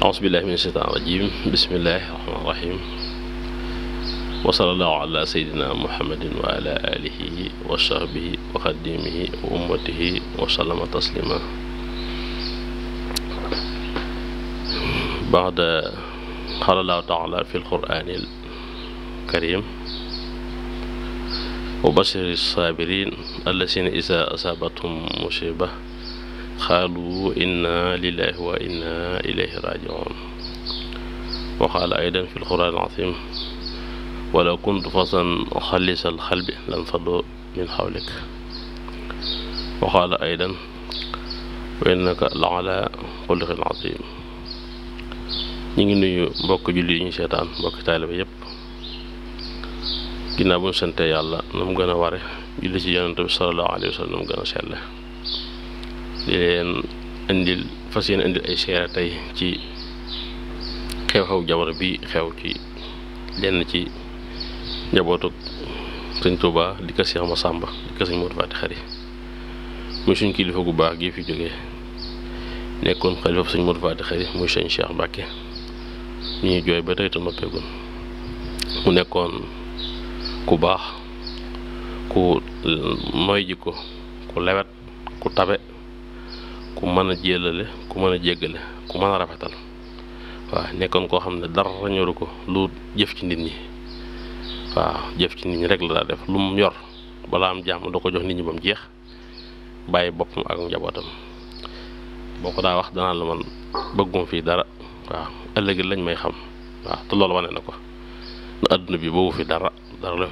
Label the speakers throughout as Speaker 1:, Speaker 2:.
Speaker 1: aousbillah min sheytaan rajim bismillahi rahmaan rahim wa sallallahu ala seydina muhammadin wa ala alihi wa sahbihi wa xadimihi wa ummatihi wa sallama taslima baxda qaala allahu taala fi lqurani alkarim wa bashiri sabirin allazina isa asabathum musiba qaalu inna lillahi wa inna ilayhi rajiun wa qaala aydan fi lquraan alazim walaw kuntu fasan xalisal xalbi lan faddu min xawlik wa qaala aydan wa innaka la ala xuluqin azim ñu ngi nuyu mbokk julli yi ñu seetaan mbokki taaliba yépp ginnaaw bu ñu sante yàlla na mu gën a ware julli ci yonent bi sallallahu alayhi wa sallam na mu gën a selle di leen indil fas yéen indil ay seera tey ci xew-xew jamono bi xew ci lenn ci njabootu sëñ Touba di Seex Masàmba di ko sëñ Moodu Faati Xari muy suñ kilifa gu baax gii fi jógee nekkoon xalifa sëñ Moodu Faati Xari sëñ Cheikh Mbàkke ñu ñuy jooy ba tey mu nekkoon ku baax ku mooy jikko ku lewet ku tabe ku mën a jéllale ku mën a jéggale ku mën a rafetal waaw nekkoon koo xam ne dara ñoru ko lu jëf ci nit ñi waaw ci nit ñi rek la daa def lu mu yor balaa am jàmm da ko jox nit ñi bàyyi boppam ak njabootam boo ko daa wax danaa la fii dara waaw lañ may xam waaw te na ko na bi boobu fi dara dara la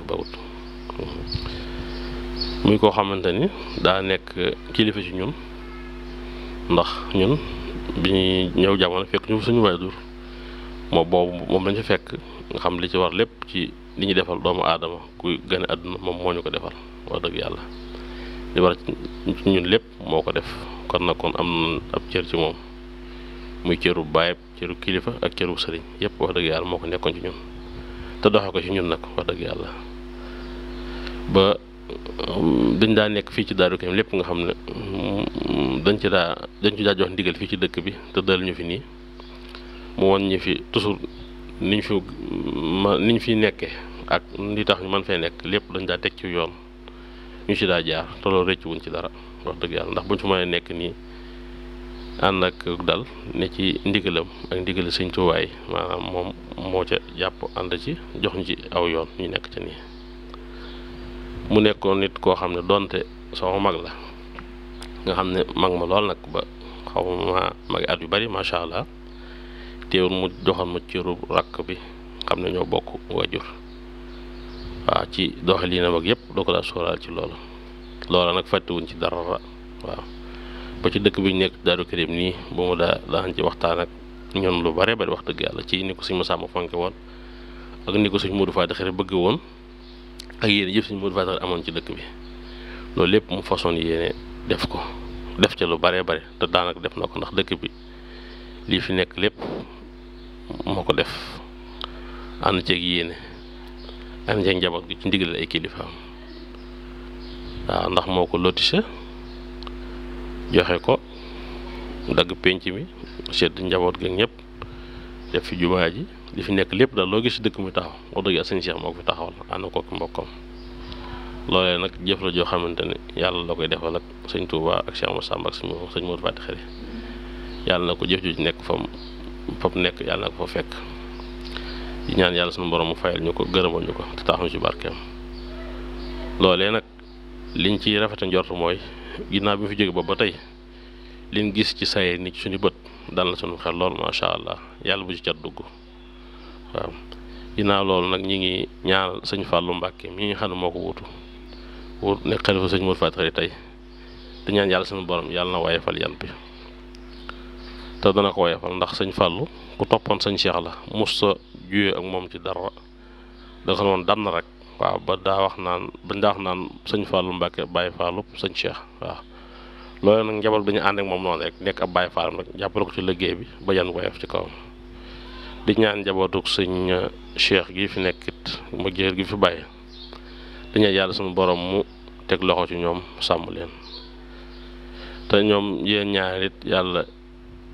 Speaker 1: koo xamante ni daa nekk kilifa ci ñun ndax ñun bi ñuy ñëw jamono fekk ñu suñu waajur moo boobu moom lañu fekk nga xam li ci war lépp ci li ñu defal doomu aadama kuy gën àdduna moom moo ñu ko defal wax dëgg yàlla li war ci ñun lépp moo ko def kon nag kon am ab cër ci moom muy cëru baayab cëru kilifa ak cëru sëriñ yépp wax dëgg yàlla moo ko nekkoon ci ñun te doxe ko ci ñun nag wax dëgg yàlla ba dañ daa nekk fii ci Daaru Karim lépp nga xam ne dañ ci daa dañ ci daa jox ndigal fii ci dëkk bi te dal ñu fi nii mu wan ñu fi toujours niñ fi ma niñ fi nekkee ak li tax ñu mën fee nekk lépp dañ daa teg ci yoon ñu ci daa jaar te loolu rëcc wuñ ci dara wax dëgg yàlla ndax buñ fi mënee nekk nii ànd ak dal ne ci ndigalam ak ndigal sëñ tuwaay maanaam moom moo ca jàpp ànd ci jox ñu ci aw yoon ñu nekk ci nii mu nekkoon nit koo xam ne donte sama mag la nga xam ne mag ma lool nag ba xaw ma magi at yu bari macha allah teewul mu joxoon ma ci rub rakk bi xam ne ñoo bokk waajur waaw ci doxaliinam ak yëpp doo ko daa sóoraal ci loolu loola nag fàttewuñ ci dara waaw ba ci dëkk bi ñu nekk Daaru Karim nii mu daa daan ci waxtaan ak ñoom lu bare bari wax dëgg yàlla ci ni ko suñ ma sàmm fonke woon ak ni ko suñ Modou Fadi xëy bëgg woon ak yéene jëf si Modou Fassar amoon ci dëkk bi loolu lépp mu façon yéene def ko def ca lu baree bare te daanaka def na ko ndax dëkk bi lii fi nekk lépp moo ko def ànd ceeg yéene ànd ceeg njaboot gi ci ndigal ay kilifaam waaw ndax moo ko lotise joxe ko dagg pénc mi sedd njaboot gi ñëpp def fi jumaa ji li fi nekk lépp daal loo gis dëkk muy taxaw wax dëgg sëñ Cheikh moo ko fi taxawal ànd kook mbokkam loolee nag jëf la joo xamante ne yàlla la koy defal ak sëñ Touba ak Cheikh Moussa Mbacke sëñ Modou Fati Xari yàlla na ko jëf ju ci nekk fam fam nekk yàlla na fekk ñaan yàlla suñu borom mu fayal ñu ko gërëmal ñu ko te taxam ci barkeem loolee nag liñ ci rafete njort mooy ginnaaw bi mu fi jóge boobu ba tey liñ gis ci say ni suñu bët dal na suñu xel lool macha allah yàlla bu ci cat dugg waaw ginnaaw loolu nag ñi ngi ñaar sëñ fàllu Mbacke mi xam ne moo ko wutu wut nekk xalifa sëñ Modou Faty Khary tey di ñaan yàlla suñu borom yàlla na woyefal yan bi te dana ko woyefal ndax sëñ fàllu ku toppoon sëñ Cheikh la musta juyee ak moom ci dara da nga xam ne rek waaw ba daa wax naan bañ daa wax naan sëñ Fallou Mbacke Baye Fallou sëñ Cheikh waaw loolu nag njaboot dañu ànd ak moom noonu rek nekk ab Baye Fallou nag jàppale ko ci liggéey bi ba yan woyef ci kawam. di ñaan njabootuk sëñ euh, cheikh gi fi nekkit ma géer gi fi bàyyi dañuy yàlla suñu boroom mu teg loxo ci ñoom sàmm leen te ñoom yéen ñaar it yàlla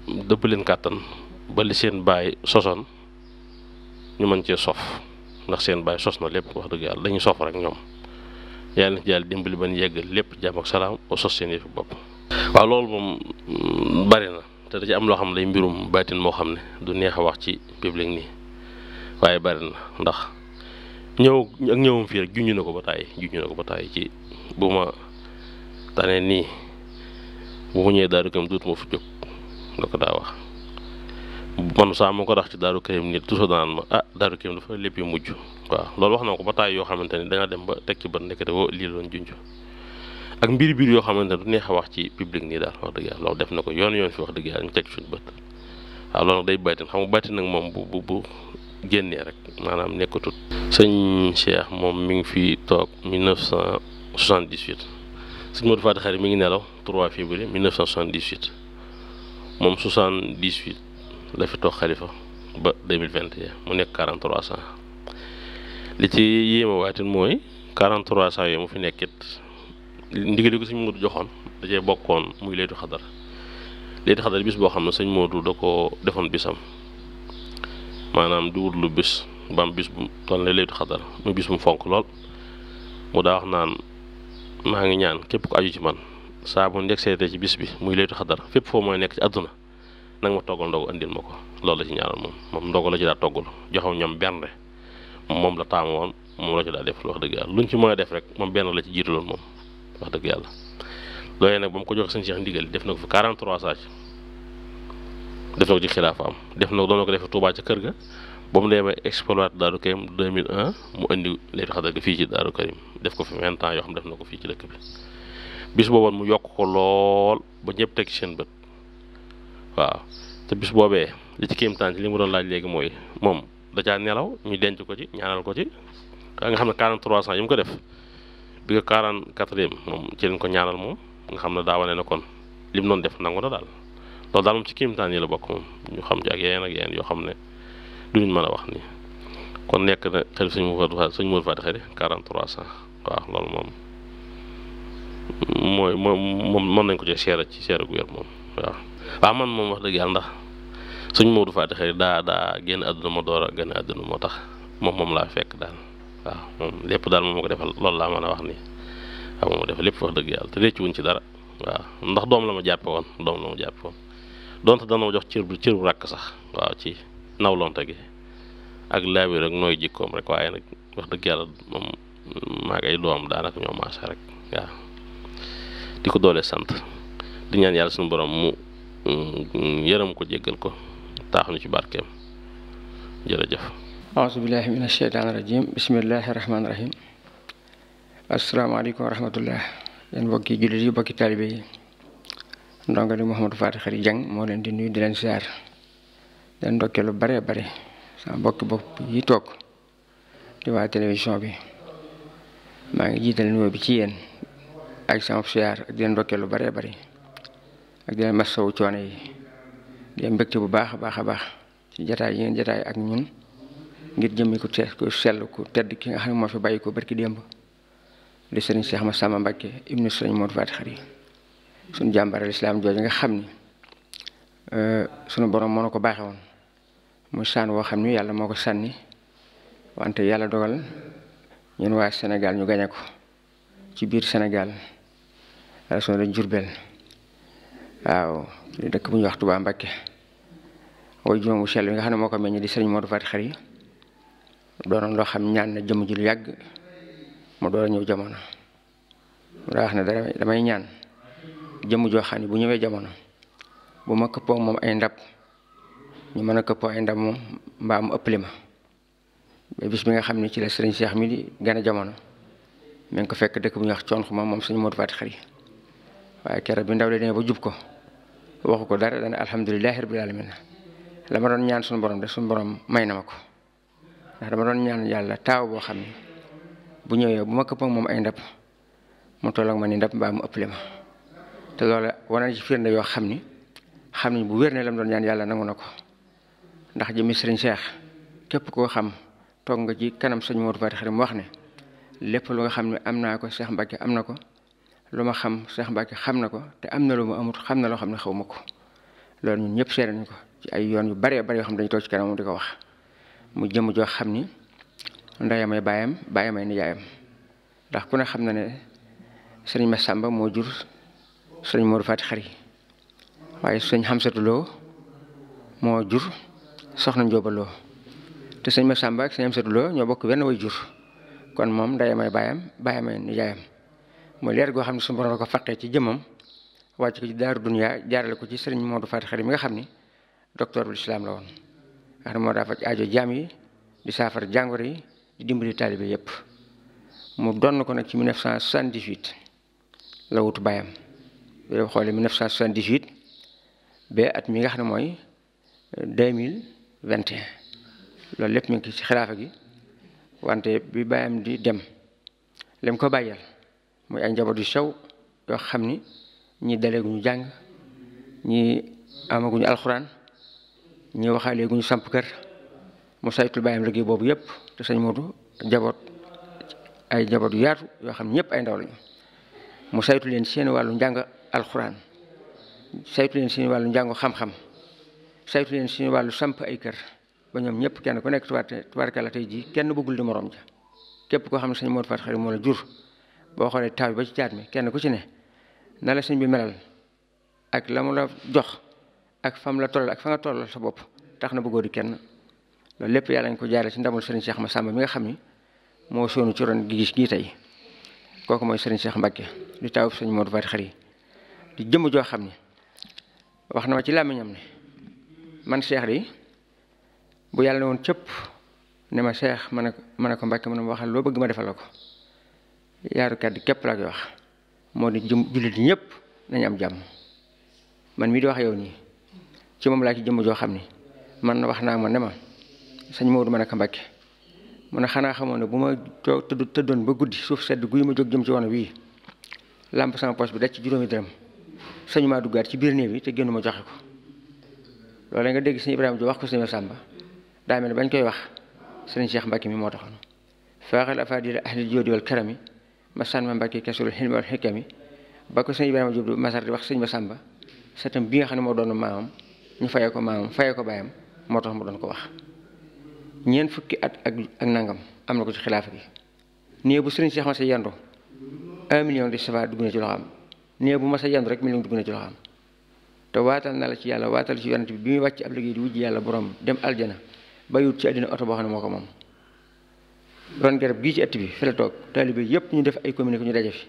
Speaker 1: dëpp leen kàttan ba li seen baay sosoon ñu mën cee sof ndax seen baay sos na lépp wax dëgg yàlla dañuy sof rek ñoom yàlla na ci yàlla dimbali ba ñu yegg lépp jàmm ak salaam ba sos seen yëfi bopp waaw loolu moom mm, bari te da ci am loo xam lay mbirum baatin moo xam ne du neex a wax ci public nii waaye bari na ndax ñëw ak ñëwam fii rek junj na ko ba tàyyi junj na ko ci bu ma tane nii bu mu daaru karim duut ma daa wax man saa ko tax ci daaru karim nii toujours danaan ma ah daaru karim dafa lépp mujj waaw loolu wax na ko ba tàyyi yoo xamante ni danga dem ba teg ci bët ndekete woo lii loon junj ak mbir biir yoo xamante ne du neex a wax ci public nii daal wax dëgg yàlla loolu def na ko yoon yoon fi wax dëgg yàlla ñu teg suñu day baytin xam nga baytin nag moom bu bu bu génnee rek maanaam nekkatut. sëñ Cheikh moom mi ngi fi toog 1978 sëñ Modou Faty Khary mi ngi nelaw 3 février 1978 moom 78 la fi toog xalifa ba 2021 mu nekk 43 ans li ci yéeme waatin mooy 43 ans yooyu mu fi nekkit ndigal ko sëñ Moodu joxoon da cee bokkoon muy leetu xadar leetu xadar bis boo xam ne sëñ Moodu da ko defoon bisam maanaam di wut lu bis ba bis bu toll ne leetu xadar muy bis bu mu fonk lool mu daa wax naan maa ngi ñaan képp ko aju ci man saa bu njëkk seetee ci bis bi muy leetu xadar fépp foo mooy nekk ci àdduna nag ma toggal ndogu andil ma ko lool la ci ñaanal moom moom ndogu na ci daa toggul joxaw ñam bernde moom la taamu woon moom la ci daa def wax dëgg yàlla luñ ci a def rek moom benn la ci jiitaloon moom wax dëgg yàlla loolee nag ba mu ko jox seen Cheikh ndigal def na ko fi 43 saaj def na ko ci xilaafa am def na doon na ko def Touba ca kër ga ba mu demee exploité Daaru Karim 2001 mu indi Laylatul Qadr fii ci Daaru Karim def ko fi 20 ans yoo xam def na ko fii ci dëkk bi bis booboon mu yokk ko lool ba ñëpp teg ci seen bët waaw te bis boobee li ci kéemtaan ci li ma doon laaj léegi mooy moom da caa nelaw ñu denc ko ci ñaanal ko ci nga xam ne 43 ans yi mu ko def. bi ko quarante quatrième moom ci lañ ko ñaanal moom nga xam ne daa wane ne kon lim noonu def nangu na daal loolu daal moom ci kiimtaan yi la bokk moom ñu xam ci ak yeneen ak yeneen yoo xam ne duñu mën a wax ni kon nekk na xel suñ mu fa suñ mu fa xëy 43 cent waaw loolu moom mooy moom mën nañ ko ci seere ci seere gu wér moom waaw man moom wax dëgg yàlla ndax suñ Maodo Fatick daa daa génn àdduna ma door a génn àdduna moo tax moom moom laa fekk daal waaw moom lépp daal moom moo ko defal loolu laa mën a wax nii waaw moom moo defal lépp wax dëgg yàlla te réccu wuñ ci dara waaw ndax doom la ma jàppe woon doom la ma jàppe woon donte dana ma jox cër bu cër bu ràkk sax waaw ci nawlonte gi ak laabi rek nooy jikkoom rek waaye nag wax dëgg yàlla moom maa ngi doom daanaka ñoo maasa rek waaw di ko doole sant di ñaan yàlla suñu borom mu yërëm ko jéggal ko taax ci barkeem jërëjëf
Speaker 2: aousubillahi min asheytaan irajim bisimillahi rahmaani rahim asalaamaaleykum wa rahmatullah yéen bokki jullit yi bokki taalibe yi ndongo li Mouhamadou Faty Khary Dieng moo leen di nuyu di leen siyaar leen ndokkee lu bare bare sama bokki bopp yi toog di waa télévision bi maa ngi jiital nuyoo bi ci yéen ak sama siyaar ak di leen ndokkee lu bare bare ak di leen masawu coono yi di mbégte bu baax a baax a baax ci jataay yi ngeen jataay ak ñun ngir jëmmi ko te ku sell ku tedd ki nga xam ne moo fi bàyyi ko barki démb di sëriñ Cheikh Massamba Mbacke ibnu sëriñ Modou Faty Khary suñu jàmbaral islaam jooju nga xam ni euh, sunu borom moo na ko baaxe woon muy sànn woo xam ni yàlla moo ko sànni wante yàlla dogal ñun waa Sénégal ñu gañe ko ci biir Sénégal région de Diourbel waaw dëkk bu ñuy wax Touba Mbacke way juróom bu sell bi nga xam ne moo ko meññ di sëriñ Modou Faty Khary doonoon loo xam ñaan na jëm ju lu yàgg mu door a ñëw jamono mu daa wax ne damay ñaan jëm joo xam ne bu ñëwee jamono bu ma këppoo moom ay ndab ñu mën a këppoo ay ndab moom mbaa mu ëppale ma ba bis bi nga xam ne ci la sëriñ Cheikh mi di gën a jamono mi ngi ko fekk dëkk bu ñuy wax coon xuma moom suñu Modou Faty Khary waaye keroog bi ndaw la demee ba jub ko waxu ko dara dana alhamdulilahi rabbil alamin la doon ñaan suñu borom de suñu borom may na ma ko ndax dama doon ñaan yàlla taaw boo xam ne bu ñëwee bu ma këpp moom ay ndab mu toll ak ma ni ndab mbaa mu ëpple ma te loolu wane ci firnde yoo xam ni xam ni bu wér ne lam doon ñaan yàlla nangu na ko ndax jëmi sëriñ Cheikh képp koo xam toog nga ci kanam sëñ Modou Fatick xarit mu wax ne lépp lu nga xam ne am naa ko Cheikh Mbacke am na ko lu ma xam Cheikh Mbacke xam na ko te am na lu mu amut xam na loo xam ne xaw ma ko loolu ñun ñëpp seere nañ ko ci ay yoon yu baree bari yoo xam ne dañu toog ci kanam di ko wax. mu jëmm joo xam ni ndeyamay baayam baayamay nijaayam ndax ku ne xam na ne sëriñ Massamba moo jur sëriñ Modou Faty xari waaye sëriñ Hamsatou Lo moo jur soxna Njóoba Lo te sëriñ Massamba ak sëriñ Hamsatou Lo ñoo bokk benn way jur kon moom ndeyamay baayam baayamay nijaayam mooy leer goo xam ne su borom ko faqee ci jëmmam wàcc ko ci daaru duniyaa jaarale ko ci sëriñ Modou Faty Khary mi nga xam ni docteur bu lislaam la woon nga xam ne moo daa faj aajo jaam yi di saafara jàngoro yi di dimbali taalibe yépp mu donn ko nag ci 1978 la wut baayam bu dee xoolee 1978 ba at mi nga xam ne mooy 2021 loolu lépp mi ngi ci xilaafa gi wante bi baayam di dem lim ko bàyyal mooy ay njaboot yu sew yoo xam ni ñii daleeguñu jàng ñi amaguñu alxuraan ñu waxaale gu ñu samp kër mu saytul bàyyam liggéey boobu yëpp te sëñ Moodu jaboot ay jaboot yu yaatu yoo xam ñëpp ay ndaw lañu mu saytu leen seen wàllu njàng alxuraan saytu leen seen wàllu njàngu xam-xam leen seen wàllu samp ay kër ba ñoom ñëpp kenn ku nekk tubaarkalla tey jii kenn bëggul di morom ja képp koo xam ne sëñ Moodu Faat Xari moo la jur boo xoolee taaw bi ba ci caat mi kenn ku ci ne na la sëñ bi melal ak la mu la jox ak fam la toll ak fa nga toll sa bopp tax na bëggoo di kenn loolu lépp yàlla nañ ko jaare ci ndamul seex ma Massamba mi nga xam ni moo soonu ci ron gi gis gii tey kooku mooy Serigne Cheikh Mbacke di taw sëñ Modou Faty Khary di jëmm joo xam ni wax na ma ci làmmiñam ne man Cheikh di bu yàlla ne woon cëpp ne ma Cheikh ma ne ma ne ko Mbacke ma ne waxal loo bëgg ma defal ko yaaru kàddu képp laa koy wax moo di jëm jullit ñëpp nañu am jàmm man mii di wax yow nii. ci moom laa ci jëmm joo xam ni man na wax naa ma ne ma sëñ Maodo ma naka Mbàkke mu ne xanaa xamoon ne bu ma tëdd tëddoon ba guddi suuf sedd guy ma jóg jëm ci woon wii làmp sama poche bi daj ci juróomi dërëm sëñ maa duggaat ci biir néeg bi te génn ma joxe ko loolu nga dégg sëñ Ibrahima jo wax ko sëñ Sàmba daa mel ne bañ koy wax sëñ Cheikh Mbàkke mi moo taxoon faaxal afaadila ahli joodi wal karami ma sànma Mbàkke kasul xilmi wal xikami sëñ Ibrahima Jóob masar di setam bi nga xam ne moo doon maamam ñu fayee ko maamam faye ko baayam moo tax mu doon ko wax ñeent fukki at ak ak nangam am na ko ci xilaafa gi nee bu sëriñ si xam sa yendu un million de sava dugg na ci loxoom nee bu ma sa yendu rek million dugg na ci loxoom te waatal na la ci yàlla waatal ci yonent bi bi muy wàcc ab liggéey di wujj yàlla borom dem aljana bayut ci àddina oto boo xam ne moo ko moom ron garab gii ci ëtt bi fi la toog taalibe yépp ñu def ay communiqué ñu daje fi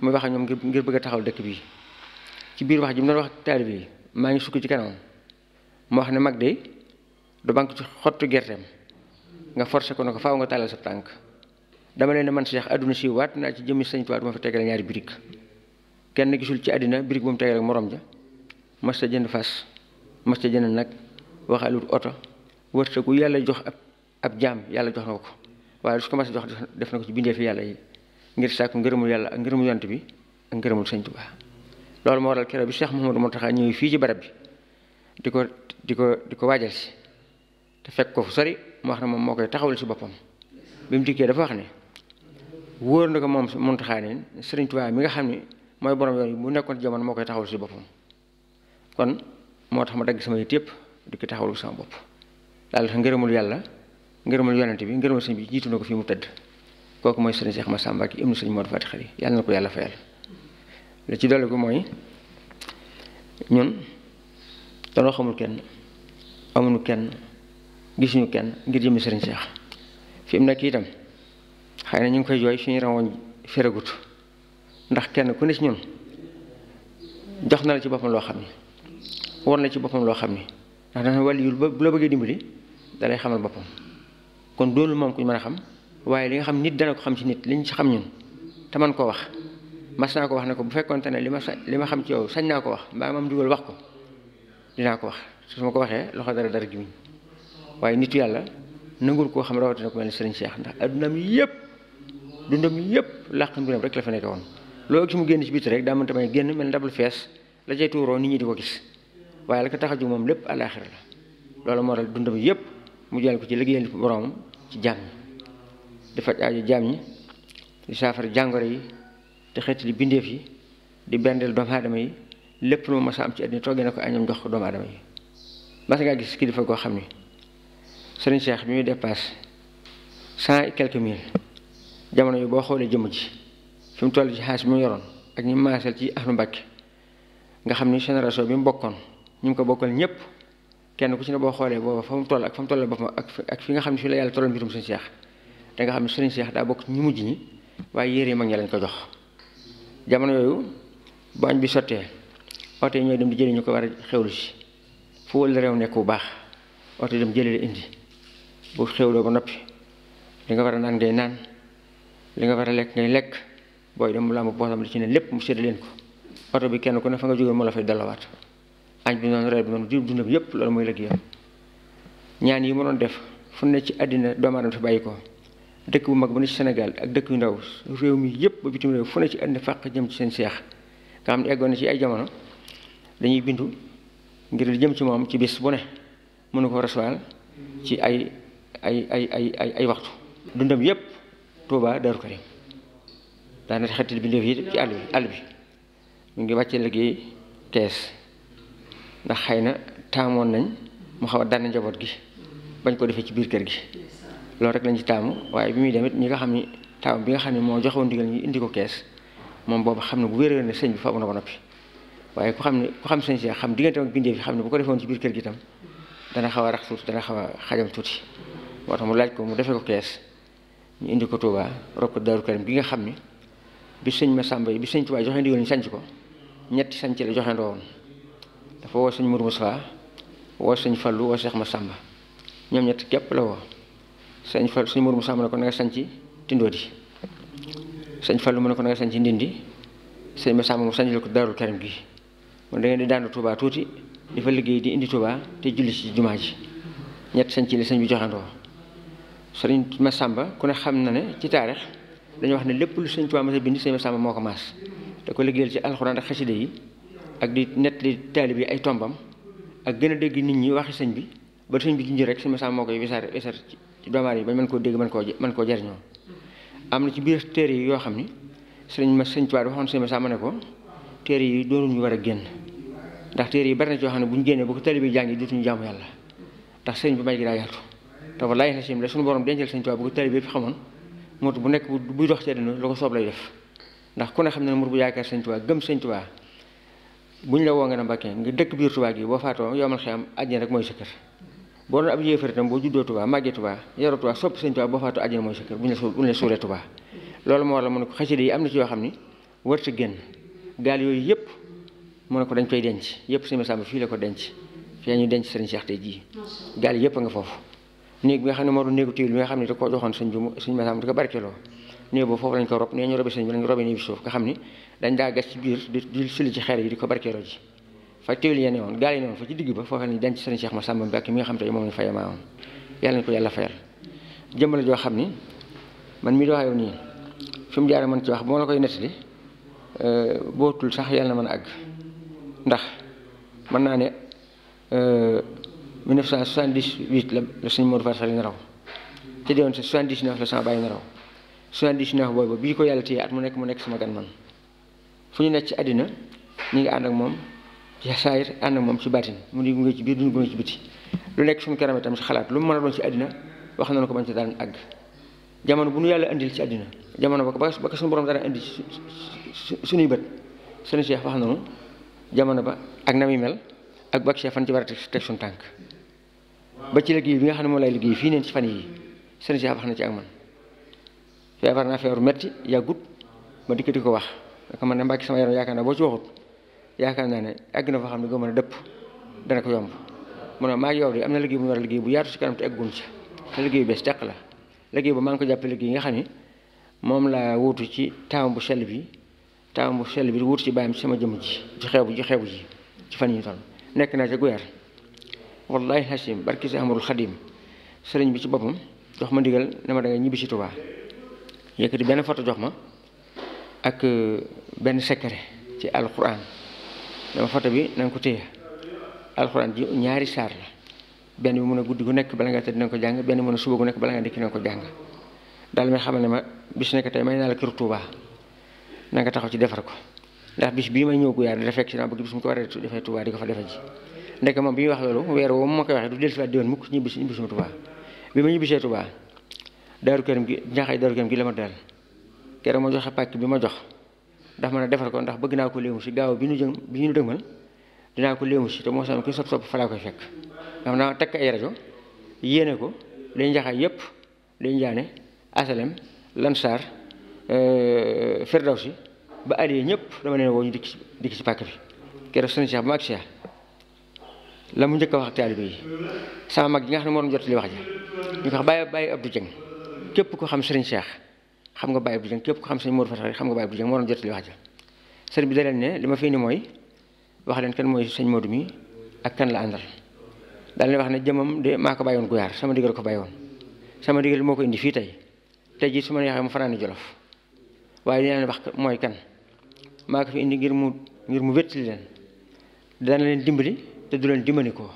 Speaker 2: muy wax ñoom ngir bëgg taxaw dëkk bi ci biir wax ji mu wax taalibe yi maa ngi sukk ci kanamam mu wax ne mag de du banque ci xottu gerteem nga forcé ko ne ko faaw nga tàllal sa tànk dama leen ne man Cheikh àdduna si waat naa ci jëmmi Sëñ Tuubaa du ma fi tegale ñaari birig kenn gisul ci àddina birig bu mu tegale ak morom ja mas ta jënd fas mas ta jënd nag waxalut oto wërte ku yàlla jox ab ab jaam yàlla jox na ko waaye su ko mas jox def na ko ci bindee fi yàlla yi ngir sàkku ngërëmul yàlla ak ngërëmul yont bi ak ngërëmul Sëñ Tuubaa loolu moo waral keroog bi Cheikh Mouhamadou Mountakha fii ci barab bi di ko di ko di ko waajal si te fekk ko fu sori mu wax ne moom moo koy taxawul si boppam bi mu dikkee dafa wax ne wóor na ko moom Muntaxa ne Sëriñ Tuubaa mi nga xam ne mooy borom yoon nekkoon jamono moo koy taxawal si boppam kon moo tax ma dagg sama yit yëpp di ko taxawal sama bopp daal ngërëmul yàlla ngërëmul yonente bi ngërëmul sëñ bi jiitu na ko fi mu tëdd kooku mooy sëriñ Cheikh Massamba Mbacké ibnu sëriñ Modou Faty Khary yàlla na ko yàlla fayal li ci dolli ko mooy ñun te xamul kenn amuñu kenn gisuñu kenn ngir jëmmi sëriñ Seex fi mu nekk itam xëy na ñu ngi koy jooy suñu rangoñ feragut ndax kenn ku ne ci ñun jox na la ci boppam loo xam ni war na ci boppam loo xam ni ndax dafa wàllu yu bu la bëggee dimbali dalay xamal boppam kon doonul moom ku mën a xam waaye li nga xam nit dana ko xam ci nit liñ ci xam ñun te man koo wax mas naa ko wax ne ko bu fekkoonte ne li ma sa li ma xam ci yow sañ naa ko wax mbaa dinaa ko wax su ma ko waxee loxo dara dara gimiñ waaye nitu yàlla nangul koo xam rawatina ko mel ni Serigne Cheikh ndax addunam yëpp dundam yëpp làq mbiram rek la fa nekk woon loo gis mu génn ci biti rek dama mën tamay génn mel ndablu fees la cay tuuroo nit ñi di ko gis waaye la ko tax moom lépp àllaaxira la loolu moo tax dundam yëpp mu jël ko ci liggéeyal boroomam ci jaam ñi di faj aaju jaam ñi di saafara jàngoro yi di xeet li bindeef yi di bendeel doomu aadama yi lépp lu ma sa am ci àddina toggee na ko añam jox ko doomu aadama yi mas ngaa gis kilifa koo xam ni sëriñ Cheikh bi muy dépasse cent et quelques mille jamono yi boo xoolee jëmm ji fi mu toll ci mu yoroon ak ñi maasal ci ahlu Mbàkke nga xam ni génération bi mu bokkoon ñu ngi ko bokkal ñépp kenn ku ci boo xoolee booba fa toll ak fa mu toll boppam ak fi nga xam ne fi la yàlla tollal mbirum sëriñ Cheikh da nga xam ne sëriñ daa bokk ñu mujj ñi waaye yére yi mag ñi ko jox jamono yooyu bañ bi sottee oto yi dem di jëli ko war a xewlu si fu wël réew nekk bu baax oto yi dem jëli la indi bu xewloo li nga war a naan ngay naan li nga war a lekk ngay lekk booy dem mu làmb li ci ne lépp mu leen ko oto bi kenn ku ne fa nga jógee moo la fay dalawaat añ bi noonu reer bi noonu di dundam yépp loolu mooy liggéeyam ñaan yi mu def fu ne ci àddina doomu aadama fi bàyyi ko dëkk bu mag bu ne ci senegal ak dëkk yu ndaw réew mi yépp ba bitim réew fu ne ci àddina fàq jëm ci seen seex nga xam ne eggoon na ci ay jamono dañuy bindu ngir lu jëm ci moom ci bis bu ne mënu koo recevoir ci ay ay ay ay ay ay waxtu dundam yépp Touba Daaru Karim daana xetti bindeef yi ci àll bi àll bi mu ngi wàcce liggéey kees ndax xëy na taamoon nañ mu xaw a daan njaboot gi bañ ko defee ci biir kër gi loolu rek lañ ci taamu waaye bi muy demit ñi nga xam ni taamu bi nga xam ne moo joxoon ndigal ñi indi ko kees moom boobu xam ne bu wér ne sëñ bi fa na ba noppi waaye ku xam ne ku xam sëñ Cheikh xam diggante ak bindee fi xam ne bu ko defoon ci biir kër gi tam dana xaw a rax tuuti dana xaw a xajam tuuti moo tax mu laaj ko mu defee ko kees ñu indi ko Touba rob ko Daaru Karim gi nga xam ne bi sëñ Massamba bi sëñ Touba joxe ndigal ñu sanc ko ñetti sanc la joxe ndoowoon dafa woo sëñ Mourou Moussa woo sëñ Fallou woo Cheikh Massamba ñoom ñett képp la woo sëñ Fallou sëñ Mourou mu ne ko na nga sanc Tindodi sëñ Fallou mu ne ko na nga sanc Ndindi sëñ Massamba mu sanc la ko Daaru Karim gi kon da ngeen di daanu Touba tuuti di fa liggéey di indi Touba te julli ci jumaa ji ñett sañ ci li sëñ bi joxandoo sëriñ Massamba ku ne xam na ne ci taarix dañu wax ne lépp lu sëñ Touba mas a bind sëñ Massamba moo ko maas te ko liggéeyal ci alxuraan ak xaside yi ak di nett di taalib yi ay tombam ak gën a dégg nit ñi waxi sëñ bi ba sëñ bi junj rek sëñ Massamba moo koy wisaar wisaar ci doomaar yi ba mën koo dégg mën koo mën koo jariñoo am na ci biir téere yi yoo xam ni sëriñ ma sëñ Touba waxoon ma Massamba ne ko téere yi doonul ñu war a génn ndax téere yi bari na coo xam ne bu ñu génnee bu ko tali bi jàngi dootuñu jaamu yàlla ndax sëriñ bi may gi daa yaatu te wallaahi na sim la suñu borom dencal sëriñ Tuubaa bu ko tali moo bu nekk buy dox ci àddina la ko soob lay ku ne ne mur bu yaakaar sëriñ Tuubaa gëm sëriñ Tuubaa la woo ne Mbàkke nga dëkk biir Tuubaa gi boo faatoo yomal xiyam àjjana boo boo juddoo Tuubaa màggee Tuubaa yaroo Tuubaa sopp sëriñ Tuubaa boo loolu moo war la mu ne ko xasida yi am na ci yoo xam ni wër sa génn gaal yooyu yëpp mu ne ko dañ koy denc yëpp sëñ Masamba fii la ko denc fii ñu denc sëriñ Cheikh tey jii gaal yëpp a nga foofu néeg bi nga xam moo doon néegu xam ne da koo joxoon sëñ bi sëñ xam ni dañ daa gas ci biir di di suli ci xeer yi di ko barkeloo fa moom lañ faye maa woon yàlla nañ ko yàlla fayal jëmm la joo xam ni man mii di wax yow nii fi mu jaare man ci wax bu ma la koy nettali Euh, bootul sax yàlla na mën a àgg ndax mën naa ne 1978 euh, la la suñ Modou Fassal naraw te deewoon sa 79 la sama bàyyi naraw 79 boobu bii ko yàlla téye at mu nekk mu nekk sama gan man fu ñu nekk ci àddina ñu ngi ànd ak moom ci saayir ànd ak moom ci baatin mu ngi gunge ci biir duñu gunge ci biti lu nekk suñu kanam itam si xalaat lu mu mën a doon ci àddina wax nañu ko bañ ci daan àgg jamono bu nu yàlla indil ci àddina jamono ba ba ko suñu borom dara indi suñuy bët suñu Cheikh wax nanu jamono ba ak na muy mel ak bak Cheikh fan ci war a teg suñu tànk ba ci liggéey bi nga xam ne moom lay liggéey fii neen ci fan yi suñu Cheikh na ci ak man feebar naa feebaru metti yàggut ma dikkati ko wax dako man ne mbàkki sama yaram yaakaar naa boo ci waxut yaakaar naa ne àgg na foo xam ne goo man a dëpp dana ko yomb mu ne maa ngi yow de am na liggéey bu ñu war a liggéey bu si kanam te te la léegi ba maa ngi ko jàppee liggéey nga xam ni moom laa wuutu ci taam bu sell bi taam bu sell bi wuutu ci bàyyam ci sama jëmm ji ci xeebu ci xeebu ji ci fan yi toll nekk naa ca guyaar wallahi hasim barki si amarul xadim sëriñ bi ci boppam jox ma ndigal ne ma da nga ñibbi si Tuubaa yëkkati benn foto jox ma ak euh, benn secret ci alquran dama foto bi na ko téye alquran ji ñaari saar la benn bi mu ne guddi gu nekk bala nga tëdd dina ko jàng benn mu ne suba gu nekk bala nga dikk dina ko jàng daal may xamal ne ma bis nekk tey may naa la kër Tuubaa na nga taxaw ci defar ko ndax bis bii may ñëw gu yaar di fekk si naa bëgg bis mu ko war a defee Tuubaa di ko wax loolu weer woo ma koy waxee du dellusiwaat diwoon mukk gi njaaxay daaru këram gi la ma dal keroog ma joxe pàkk bi ma jox ndax man a defar ko ndax bëgg naa ko léemu si gaaw bi ñu jëm bi ñu dëgmal dinaa ko léemu si te moo sam ki sopp sopp fa laa koy fekk nga xam naa takk ay rajo yéene ko lañ jaxaay yépp dañ jaane asalem lansar euh, firdawsi ba alie ñëpp dama leen woo ñu dikk dikk ci pàkk bi keroog sëñ Cheikh ba mag Cheikh njëkk a wax ak taalibe nga xam ne moo doon jot li wax ji ñu ko wax bàyyi bàyyi Abdou xam sëriñ Cheikh xam nga bàyyi Abdou Dieng képp ko xam sëriñ Modou Fassari xam nga bàyyi Abdou Dieng moo doon jot li wax ja sëriñ bi da ne li ma fii ni mooy wax leen kan mooy sëñ Modou mi ak kan la àndal daal wax ne jëmmam de maa ko bàyyi woon Guyaar ko bàyyi woon sama ndigal moo ko indi fii tey tey jii su ma neexee mu fanaani Jolof waaye li leen mooy kan maa fi indi ngir mu ngir mu wéttali leen dana leen dimbali te du leen dimbali ko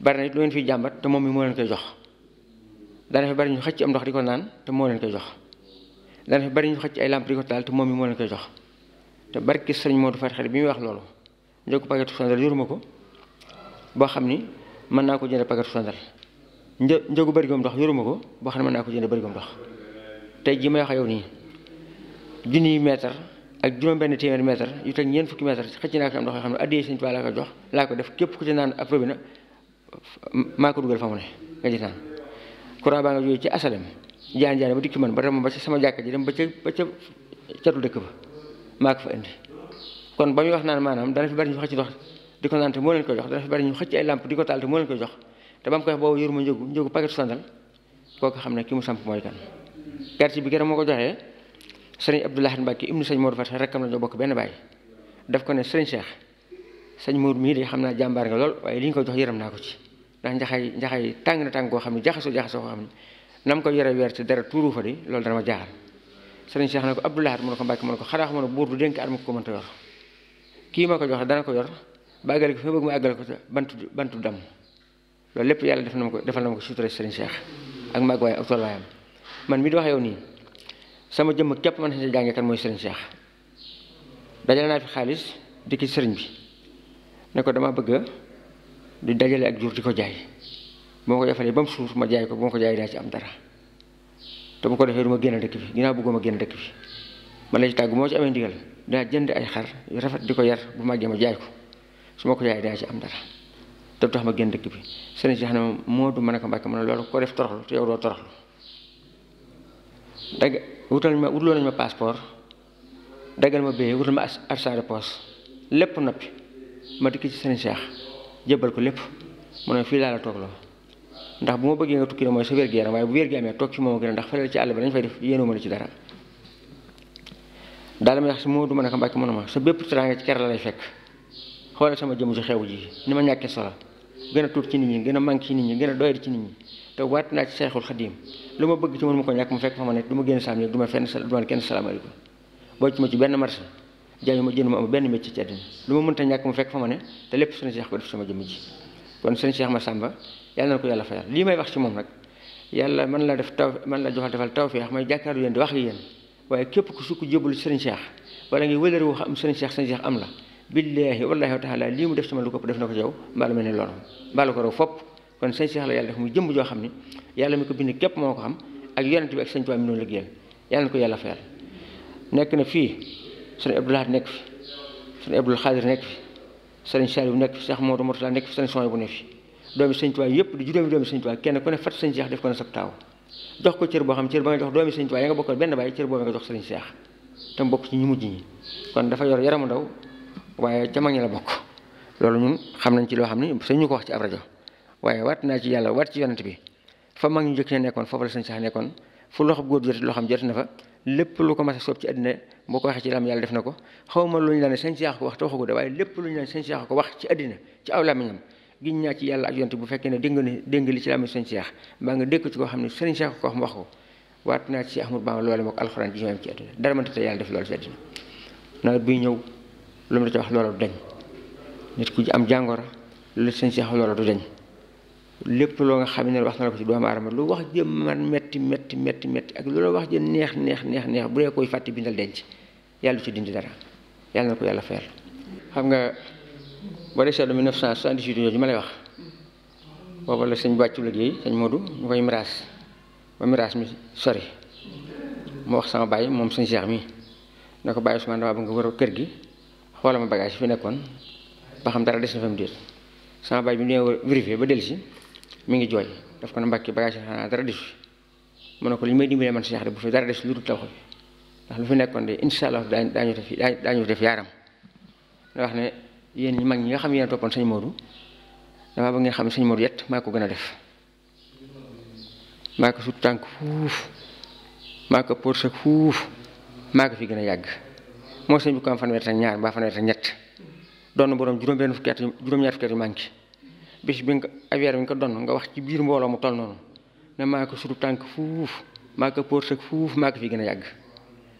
Speaker 2: bari na it lu ngeen fiy jàmbat te moom mi moo leen koy jox dana fi bari ñu xëcc am ndox di ko naan te moo leen koy jox dana fi bari ñu xëcc ay làmp di ko taal te moom mi moo leen koy jox te barki sëriñ Modou Faty Khary bi muy wax loolu njëkk paquetu sondal yoruma ko boo xam ni mën naa ko jënde paquet sondal një njëgu bërigoom ndox yoruma ko boo xam ne man naa ko jënde bërigoom ndox tey jii may wax yow nii junniy mètre ak juróom-benn téeméeri mètre yu teg ñeent fukki mètre xëcc naa ko am ndox yoo xam ne addiyee Sëñ Tuubaa laa ko jox laa ko def képp ku ci naan ab robinet maa ko dugal fa mu ne nga gis naan courant baa nga jógee ci asalem jaan jaan ba ci sama jàkka ji dem ba ca ba ca catu dëkk ba maa ko fa indi kon ba muy wax naan maanaam dana fi bari ñu wax ci ndox di ko naan te moo leen ko jox dafa bari ñu xëcc ay làmp di ko taal te moo leen ko jox te ba mu koy boobu yoruma njëgu njëgu paquetu sandal kooku xam ne kii mu samp mooy kan quartier bi gërëm moo ko joxee sëriñ Abdoulaye Mbacke ibnu sëñ Modou Faty rekkam la ñoo bokk benn baay daf ko ne sëriñ Cheikh sëñ Modou mii de xam naa jàmbaar nga lool waaye li ñu ko jox yërëm naa ko ci ndax njaxay njaxay tàng na tàng koo xam ne jaxasoo jaxasoo koo xam ne na ko yore weer ci dara tuuru fa di loolu dana ma jaaxal sëriñ Cheikh ne ko Abdoulaye mu ko Mbacke mu ne ko xanaa xam ne buur du dénk arme ko mënta yor kii ma ko jox dana ko yor ba àggale ko fi bantu bantu dam loolu lépp yàlla def na ma ko defal na ma ko sutura Serigne Cheikh ak mag waaye ak tolluwaayam man mii di wax yow nii sama jëmm képp man na si jàngee mooy Serigne Cheikh dajale naa fi xaalis dikki sëriñ bi ne ko dama bëgg di dajale ak jur di ko jaay bu ko defalee ba mu suur ma jaay ko bu ko jaay daa ci am dara te ko defee du ma génn dëkk bi ginnaaw bëgguma génn dëkk la ci moo ci amee ndigal daa jënd ay xar yu rafet di ko yar bu màggee ma jaay ko su ma ko jaayee daa ci am dara te tax ma génn dëkk bi sëriñ na moo du mën a ko mbàkke ma ne loolu def toroxlu te yow doo ma wutloo ma passeport daggal ma béyee wutal ma arsa de poos lépp noppi ma dikk ci sëriñ Cheikh jébbal ko lépp mu ne fii laa la ndax bu bëggee nga tukki mooy sa bu wér gi amee toog ci moom ndax ci àll ba dañ fay def yéenoo ma la dara daal ma wax si moo du mën a ko mbàkke ma ne ma sa bépp teraanga ci kër la lay fekk xoolal sama jëm ju xew ji ni ma ñàkkee solo gën a tuut ci nit ñi gën a manqué ci nit ñi gën a doyadi ci nit ñi te waat naa ci seexul xadim lu ma bëgg ci mën ma ko ñàkk mu fekk fa ma ne du ma génn saam du ma fenn du ma kenn salaamaaleykum boo ci ma ci benn marché jaay ma jënd ma benn métier ci àddina lu ma mënta ñàkk ma fekk fa ne te lépp sëñ Cheikh ko def sama jëmm ji kon sëñ ma Massamba yàlla na ko yàlla fayal lii may wax ci moom nag yàlla mën na def taw man la joxal defal tawfeex may jàkkaaru yéen di wax ak yéen waaye képp ku sukk jébbalu sëriñ Cheikh wala ngi wëlëri wax am seen Cheikh sëriñ Cheikh am la billaahi wallaahi wa taala lii mu def sama lu ko def na ko yow mbaalu mel ne loolu mbaalu ko raw fopp kon sëñ Cheikh la yàlla def muy jëmm joo xam ne yàlla mi ko bind képp moo ko xam ak yonent bi ak sëñ Tuubaa mi noonu liggéeyal yàlla nekk na fii sëñ Abdou nekk fi sëñ Abdou Khadir nekk fi sëñ Saliou nekk fi Cheikh Modou Mourtala nekk fi sëñ bu nekk fi doomi sëñ Tuubaa yëpp di juróomi doomi sëñ Tuubaa kenn ku ne fat sëñ Cheikh def ko na taaw jox ko cër boo xam cër ba nga jox doomi sëñ Tuubaa ya nga bokkal benn baay cër boobu nga jox sëñ Cheikh te mu bokk ci ñu mujj ñi kon dafa yor yaramu ndaw waaye ca mag ñi la bokk loolu ñun xam nañ ci loo xam ni sëñ ñu ko wax ci waaye waat naa ci yàlla waat ci yonent bi fa mag ñu jëkk nekkoon foofu la sëñ sax nekkoon fu loxo góor jot loo xam jot na fa lépp lu ko mas a soob ci àddina boo waxee ci lam yàlla na ko xaw ma lu ñu la ne sëñ Seex ko wax te lu ñu ko wax ci àddina ci aw làmmiñam giñ naa ci yàlla ak bu fekkee ne dégg nga dégg li ci làmmiñ sëñ Seex mbaa nga dégg ci koo xam ne sëñ Seex ko wax mu wax ko waat naa ci Ahmadu Bamba loolu moo ko alxuraan ji ñoom ci àddina dara mënta te yàlla def loolu ci àddina nawet buy ñëw lu mu la ci wax loola du dañ nit ku am jàngoro lu la sëñ si wax loola du dañ lépp loo nga xam ne wax na la ko ci lu wax jëm man metti metti metti metti ak loola wax jëm neex neex neex neex bu dee koy fàtte bindal denc yàlla ci dindi dara yàlla na ko xam nga boo dee seetlu 1978 yooyu ma lay wax booba la sëñ bàccu liggéey sëñ Modou ñu koy miraas ba mu wax sama bàyyi moom sëñ seex mi na ko bàyyi Ousmane dama ba nga wër kër gi xoola ma bagage fi nekkoon ba xam dara des na fa mu déet sama baay bi ñu ñëw vérifié ba dellu si mu ngi jooy daf ko na mbàkki bagage yi xanaa dara des mu ne ko li may dimbalee man si yaxle bu fi dara des lu dul taw bi ndax lu fi nekkoon de incha allah daañu def daañu def yaaram da wax ne yéen mag ñi nga xam yéen toppoon sëñ Modou damaa ba ngeen xam sañu sëñ Modou yett maa ko gën a def maa ko sut tànk
Speaker 1: fuuf
Speaker 2: maa ko porsé fuuf maa ko fi gën a yàgg mooy sëñ bi ko am fanweer ak ñaar mbaa fanweer ak ñett doon na borom juróom-benn fukki at juróom-ñaar fukki at yu manqué bis bi nga ko weer bi nga ko doon nga wax ci biir mbooloo mu toll noonu ne maa ko sutub tànk fuuf maa ko poorsek fuuf maa ko fi gën a yàgg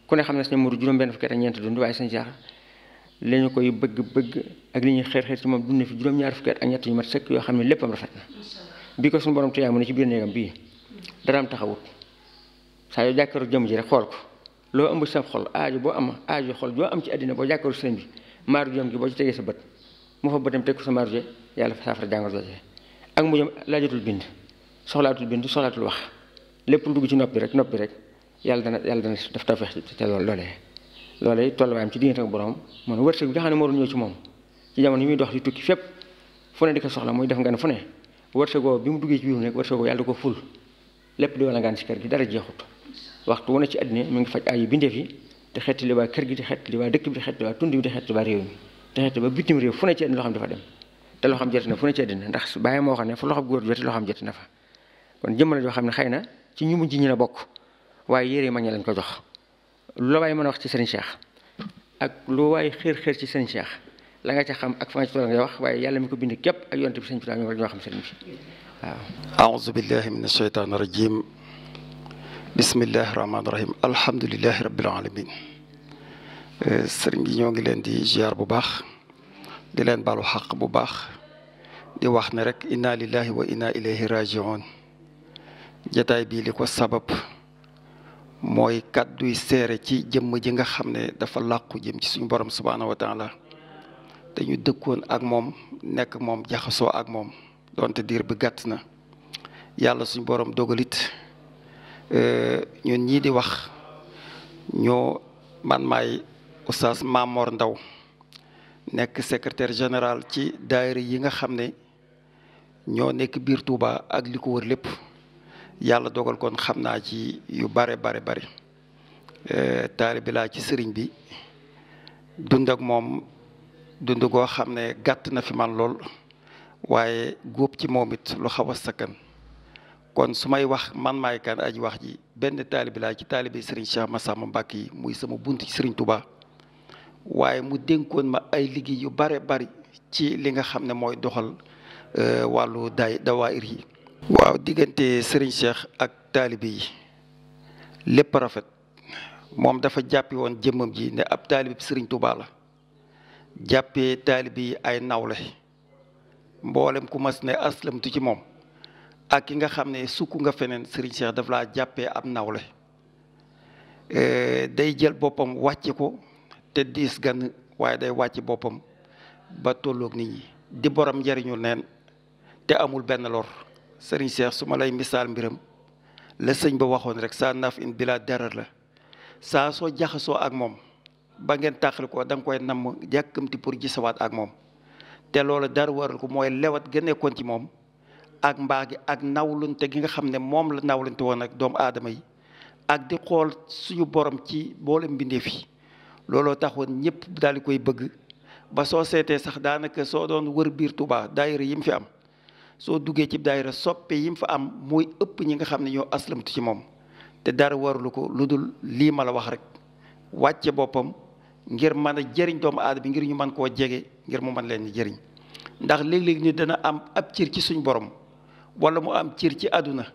Speaker 2: ku ne xam ne sëñ Mourou juróom-benn fukki at ak ñeent dund waaye sëñ Cheikh li ñu koy bëgg-bëgg ak li ñuy xeer xeer ci moom dund fi juróom-ñaar fukki at ak ñett yu mat sëkk yoo xam ne léppam rafet na bi ko suñu borom tuyaa mu ne ci loo ëmb sa xol aajo boo am aajo xol joo am ci àddina boo jàkkaaru sëriñ bi maaru joom gi boo ci sa bët mu fa bëtam teg sa maaru yàlla fa saafara jàngoro jooje ak mu jëm laajatul bind soxlaatul bind soxlaatul wax lépp dugg ci nopp rek nopp rek yàlla dana yàlla def tawfeex te loolee loolee tolluwaayam ci diggante ak borom man wërsëg bi nga xam ne moo doon ñëw moom ci jamono yi muy dox di tukki fépp fu ne di ko def nga ne fu ne wërsëgoo bi mu duggee ci biirum rek wërsëgoo yàlla ko ful lépp di wala ngaan si kër gi dara jeexut waxtu wu ne ci àddina mi ngi faj ayu bindeef yi te xeeti li waa kër gi di xeeti li waa dëkk bi di xeeti li waa tund bi di xeeti waa réew mi te xeeti ba bitim réew fu ne ci dafa dem te loo xam jot na fu ne ci àddina ndax bàyyi moo xam ne fu loo xam góor jot fa kon jëmm la xam ne xëy na ci ñu mujj ñi la bokk waaye yére mag ñi lañ ko jox lu la mën a wax ci Cheikh ak lu waaye xër ci sëriñ Cheikh la nga ca xam ak fa ci toll ngay wax waaye yàlla mi ko bind képp ak yonte bi sëriñ bi ñoo xam sëriñ
Speaker 3: bi waaw bismillahi rahmaani rahim alhamdulilahi rabbil alamin sëriñ bi ñoo ngi leen di ziar bu baax di leen baalu xaq bu baax di wax ne rek inna lillahi wa inna ilayhi rajiun jataay bii li ko sabab mooy kàdduy seere ci jëmm ji nga xam ne dafa làqu jëm ci suñu borom subhaanahu wa taala dañu dëkkoon ak moom nekk moom jaxasoo ak moom donte diir bi gàtt na yàlla suñu borom dogalit Euh, ñu ñii di wax ñoo man maay oustaz Mamor Ndaw nekk secretaire général ci daayira yi nga xam ne ñoo nekk biir Touba ak li ko wër lépp yàlla dogal kon xam naa ci yu bare bare bare euh, taalibe laa ci sëriñ bi dund ak moom dund goo xam ne gàtt na fi man lool waaye góob ci moom it lu xaw a sakkan kon su may wax man maay kan aji wax ji benn taalibi laa ci taalibi Serigne ma Massamba mbakk yi muy sama bunt ci Serigne waaye mu dénkoon ma ay liggéey yu bare bari ci li nga xam ne mooy doxal euh, wàllu daay dawaayir yi. waaw diggante Serigne Cheikh ak taalibi yi lépp rafet moom dafa jàppi woon jëmmam ji ne ab taalibi Serigne Touba la jàppee taalibi yi ay nawle mboolem ku mas ne aslamtu ci moom. ak ki nga xam ne sukk nga feneen Serigne Cheikh daf laa jàppee ab nawle eh, day jël boppam wàcc ko te diis gan waaye day wàcc boppam ba tolloog nit ñi di borom njariñu neen te amul benn lor Serigne Cheikh su ma lay misaal mbiram la sëñ ba waxoon rek saa naaf in bila darar la saa soo jaxasoo ak moom ba ngeen tàqali ko da nga koy namm jàkkamti pour gisawaat ak moom te loolu dara waral ko mooy lewat gën nekkoon ci moom ak mbaa ak nawlunte gi nga xam ne moom la nawlunte woon ak doomu aadama yi ak di xool suñu borom ci boole mbindeef yi looloo taxoon ñëpp daal di koy bëgg ba soo seetee sax daanaka soo doon wër biir Touba daayira yi mu fi am soo duggee ci daayira soppe yi mu fa am mooy ëpp ñi nga xam ne ñoo aslamtu ci moom te dara warlu ko lu dul lii ma la wax rek wàcce boppam ngir mën a jëriñ doomu aadama bi ngir ñu man koo jege ngir mu man leen di jëriñ ndax léeg-léeg ni dana am ab cir ci suñu borom wala mu am cir ci àdduna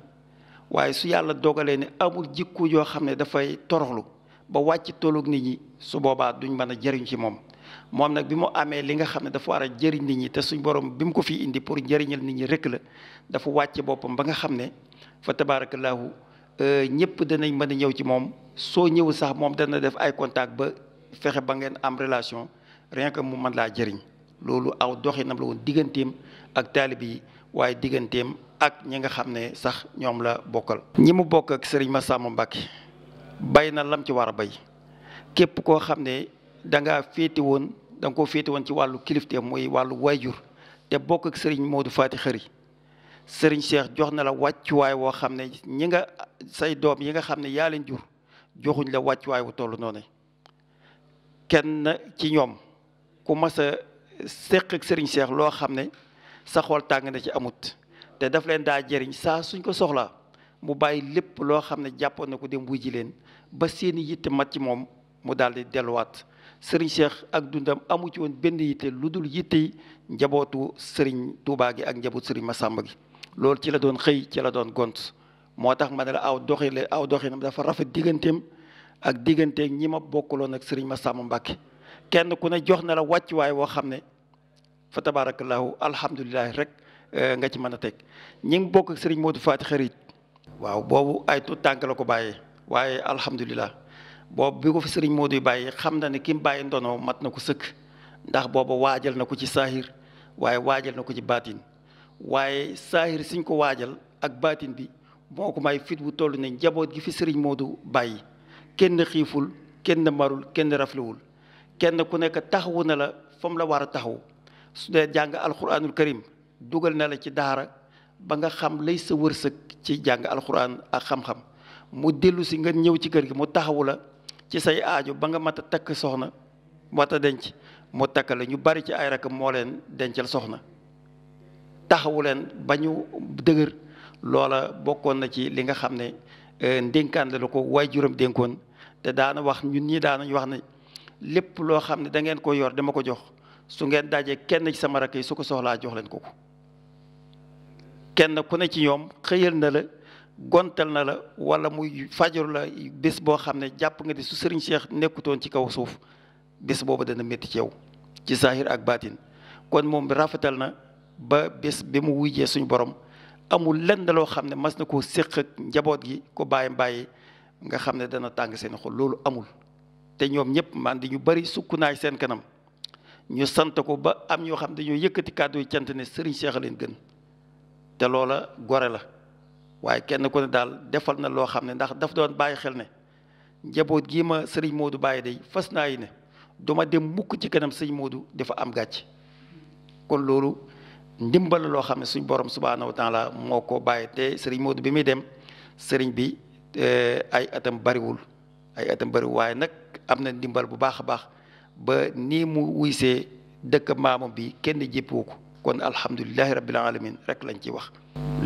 Speaker 3: waaye su yàlla dogalee ne amul jikku yoo xam ne dafay toroxlu ba wàcc tolloog nit ñi su boobaa duñ mën a jëriñ ci moom moom nag bi mu amee li nga xam ne dafa war a jëriñ nit ñi te suñ borom bi mu ko fi indi pour njëriñal nit ñi rek la dafa wàcce boppam ba nga xam ne fa tabaarakallaahu euh, ñëpp danañ mën a ñëw ci moom soo ñëwul sax moom dana def ay contact ba fexe ba ngeen am relation rien que mu mën laa jëriñ loolu aw doxinam la woon digganteem ak taalib yi waaye digganteem ak ñi nga xam ne sax ñoom la bokkal. ñi mu bokk ak sëriñ ma sàmm Mbacke bay na lam ci war a bay képp koo xam ne danga ngaa féete woon da nga koo féete woon ci wàllu kilifteem muy wàllu wayjur te bokk ak Serigne Modou Fati Xëri Serigne Cheikh jox na la wàccuwaay woo xam ne ñi nga say doom yi nga xam ne yaa leen jur joxuñ la wàccuwaay wu toll noonu kenn ci ñoom ku mas a seq ak Serigne Cheikh loo xam ne. sa xool tàng na ci amut te daf leen daa jëriñ saa suñ ko soxlaa mu bàyyi lépp loo xam ne jàppoon na ko dem wuy ji leen ba seeni yitte mat ci moom mu daal di delluwaat sëriñ Cheikh ak dundam amu ci woon benn yitte lu dul yitte yi njabootu sëriñ Touba gi ak njabootu sëriñ Massamba gi loolu ci la doon xëy ci la doon gont moo tax ma ne la aw doxi la aw doxinam dafa rafet digganteem ak digganteeg ñi ma bokkaloon ak sëriñ Massamba Mbacke kenn ku ne jox na la wàccuwaay woo xam ne fa tabaarakallaahu alhamdulilah rek eh, nga ci mën a teg ñi bokk ak sëriñ Modou Faty Xarit waaw boobu ay tuut tànk ko bàyyee waaye alhamdulilah boobu bi ko fi sëriñ Modou bàyyi xam na ne ki mu bàyyi ndono mat na ko sëkk ndax boobu waajal na ko ci saahir waaye waajal na ko ci baatin waaye saahir siñ ko waajal ak baatin bi moo ko may fit wu toll ne njaboot gi fi sëriñ Modou bàyyi kenn xiiful kenn marul kenn raflewul kenn ku nekk taxawu na la fa la war a taxaw su dee jàng alquranul karim dugal na la ci daara ba nga xam lay sa wërsëg ci jàng alquran ak xam-xam mu dellu si nga ñëw ci kër gi mu taxawu la ci say aajo ba nga mat takk soxna mat a denc mu takk la ñu bari ci ay rakk moo leen dencal soxna taxawu leen ba ñu dëgër loola bokkoon na ci li nga xam ne euh, ndénkaan la ko waajuram dénkoon te daana wax ñun ñii daanañ wax na lépp loo xam ne da ngeen ko yor dama ko jox su ngeen dajee kenn ci sama rakk su ko soxlaa jox leen ko ko kenn ku ne ci ñoom xëyal na la gontal na la wala muy fajaru la bés boo xam ne jàpp nga di su Serigne Cheikh nekkutoon ci kaw suuf bés boobu dana métti ci yow ci sahir ak baatin kon moom rafetal na ba bés bi mu wujjee suñu borom amul lenn loo xam ne mas na koo séq ak njaboot gi ko bàyyi bàyyi nga xam ne dana tàng seen xol loolu amul te ñoom ñëpp man di ñu bari sukk naay seen kanam ñu sant ko ba am ñoo xam dañoo yëkkati kàddu yi ne sëriñ Cheikh a leen gën te loola gore la waaye kenn ku ne daal defal na loo xam ne ndax daf doon bàyyi xel ne njaboot gii ma sëriñ Modou bàyyi day fas naa yi ne duma dem mukk ci kanam sëriñ Modou dafa am gàcc kon loolu ndimbal loo xam ne suñ borom subhaanahu wa la moo ko bàyyi te sëriñ Modou bi muy dem sëriñ bi eh, ay atam bariwul ay atam bariwul waaye nag am na ndimbal bu baax a baax ba nii mu wuysee dëkk maamam bi kenn jéppiwu ko kon alhamdulilahi rabbil alamin rek lañ ci wax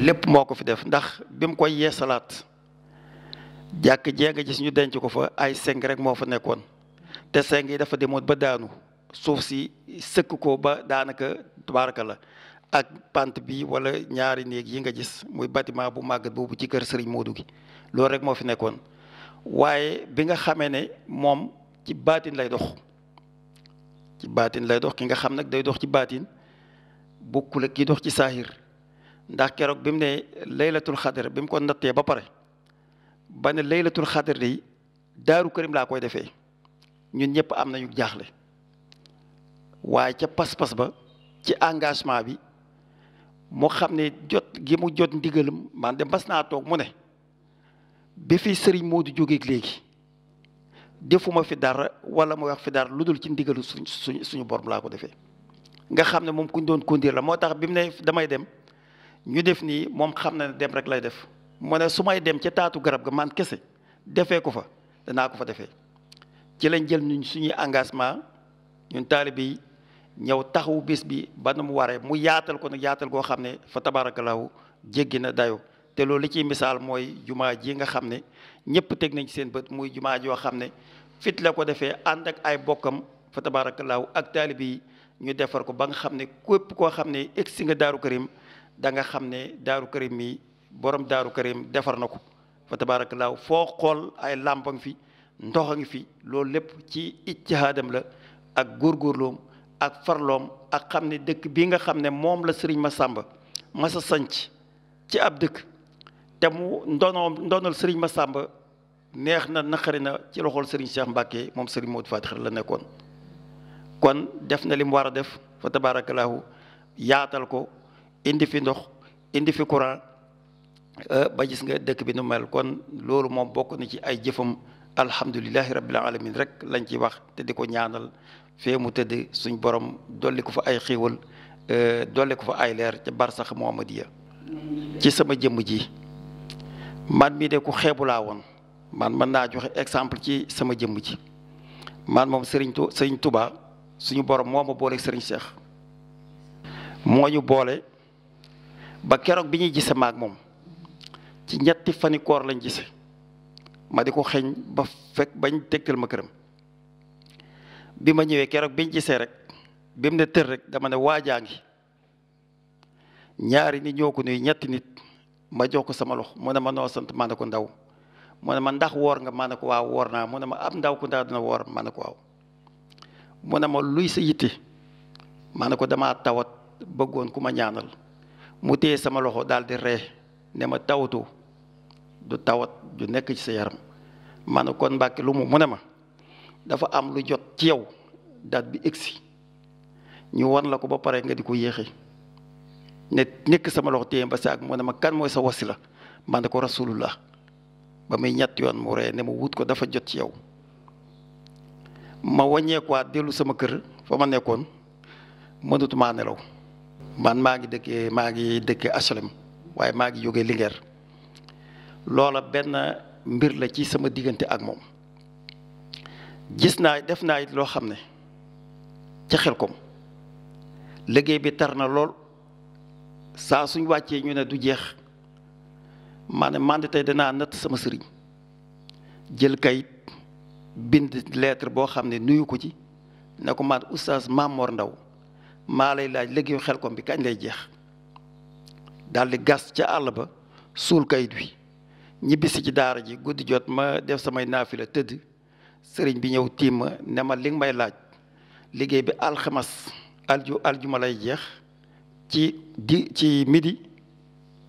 Speaker 3: lépp moo ko fi def ndax bi mu koy yeesalaat jàkk jee nga gis ñu denc ko fa ay seng rek moo fa nekkoon te seng yi dafa demoon ba daanu suuf si sëkk ko ba daanaka tabaraka la ak pant bi wala ñaari néeg yi nga gis muy bâtiment bu màggat boobu ci kër Serigne Modou gi loolu rek moo fi nekkoon waaye bi nga xamee ne moom ci baatin lay dox ci baatin lay dox ki nga xam nag day dox ci baatin bokkul ak kii dox ci saahir ndax keroog bi ne laylatul xadar bi ko nattee ba pare ba ne laylatul xadar day daaru kërim laa koy defee ñun ñëpp am nañu jaaxle waaye ca pas-pas ba ci engagement bi mu xam ne jot gi mu jot ndigalam man de mas naa toog mu ne ba fii sëriñ Modou jógeek léegi defuma fi dara wala ma wax fi dara lu dul ci ndigalu suñ suñ suñu borom laa ko defee nga xam ne moom ku ñu doon conduire la moo tax bi mu ne damay dem ñu def nii moom xam na ne dem rek lay def mu ne su may dem ca taatu garab ga man kese defee ko fa danaa ko fa defee ci lañ jël ñun suñuy engagement ñun taalibe yi ñëw taxawu bis bi ba nu mu waree mu yaatal ko ne yaatal goo xam ne fa tabaarakallaahu jéggi na dayo te loolu li ciy misaal mooy jumaa ji nga xam ne ñëpp teg nañ ci seen bët muy jumaa joo xam ne fit la ko defee ànd ak ay bokkam fa tabaarakallaahu ak taalibe yi ñu defar ko ba nga xam ne képp koo xam ne egsi nga daaru karim da xam ne daaru karim mi borom daaru karim defar na ko fa foo xool ay làmpa ngi fi ndox a ngi fi loolu lépp ci ijtihaadam la ak góorgóorloom ak farloom ak xam ne dëkk bi nga xam ne moom la sëriñ ma Masamba masa sanc ci ab dëkk te mu ndonoom ndonal ma sàmba neex na naqari na ci loxol Serigne Cheikh Mbacke moom Serigne Modou Fatick la nekkoon kon def na li mu war a def fa tabaarakallaahu yaatal ko indi fi ndox indi fi courant eh, ba gis nga dëkk bi nu mel kon loolu moom bokk na ci ay jëfam alhamdulilahi rabbil alamin rek lañ ci wax te di ko ñaanal fee mu tëdd suñ borom dolli ko fa ay xiiwal eh, dolli ko fa ay leer ca barsax Muhammadiya ci sama jëmm ji man mii de ku xeebu laa woon man mën naa joxe exemple ci sama jëmm ci man moom sëriñ tu suñu borom moo ma boole sëriñ Cheikh moo ñu boole ba keroog bi ñuy gise maag moom ci ñetti fanikoor lañ gise ma di ko xeeñ ba fekk bañ tegtal ma këram bi ma ñëwee keroog biñ gisee rek bi ne tër rek dama ne waajaa ngi ñaari nit ñoo ko nuyu ñetti nit ma jox ko sama loxo mu ne ma noo sant maa ne ko ndaw mu ne ma ndax woor nga maa ne ko waaw woor naa mu ne ma ab ndaw ku ndax dina woor maa ko waaw mu ne ma luy sa yitte maa ne ko damaa tawat bëggoon ku ma ñaanal mu téye sama loxo daal di ree ne ma tawatu du tawat du nekk ci sa yaram maa kon mbàkke lu mu mu ne ma dafa am lu jot ci yow daat bi egsi ñu wan la ko ba pare nga di ko yéexe ne nekk sama loxo téye ba ak mu ne ma kan mooy sa wasila ma ne ko rasulullah ba muy ñett yoon mu ree ne ma wut ko dafa jot ci yow ma wàññeekuwaat dellu sama kër foo ma nekkoon mënatumaa nelaw man maa ngi dëkkee maa ngi dëkkee HLM waaye maa ngi jógee liggéer loola benn mbir la ci sama diggante ak moom gis naa def naa it loo xam ne ca xel kom liggéey bi tar na lool saa suñ wàccee ñu ne du jeex maanaam man tey danaa natt sama sëriñ jël kayit bind lettre boo xam ne nuyu ko ci ne ko man oustaz Mamor Ndaw maa lay laaj léegi xel ko bi kañ lay jeex daal gas ca àll ba suul kayit wi si ci daara ji guddi jot ma def samay naafila tëdd sëriñ bi ñëw tiim ma ne ma li may laaj liggéey bi alxames alju aljuma lay jeex ci di ci midi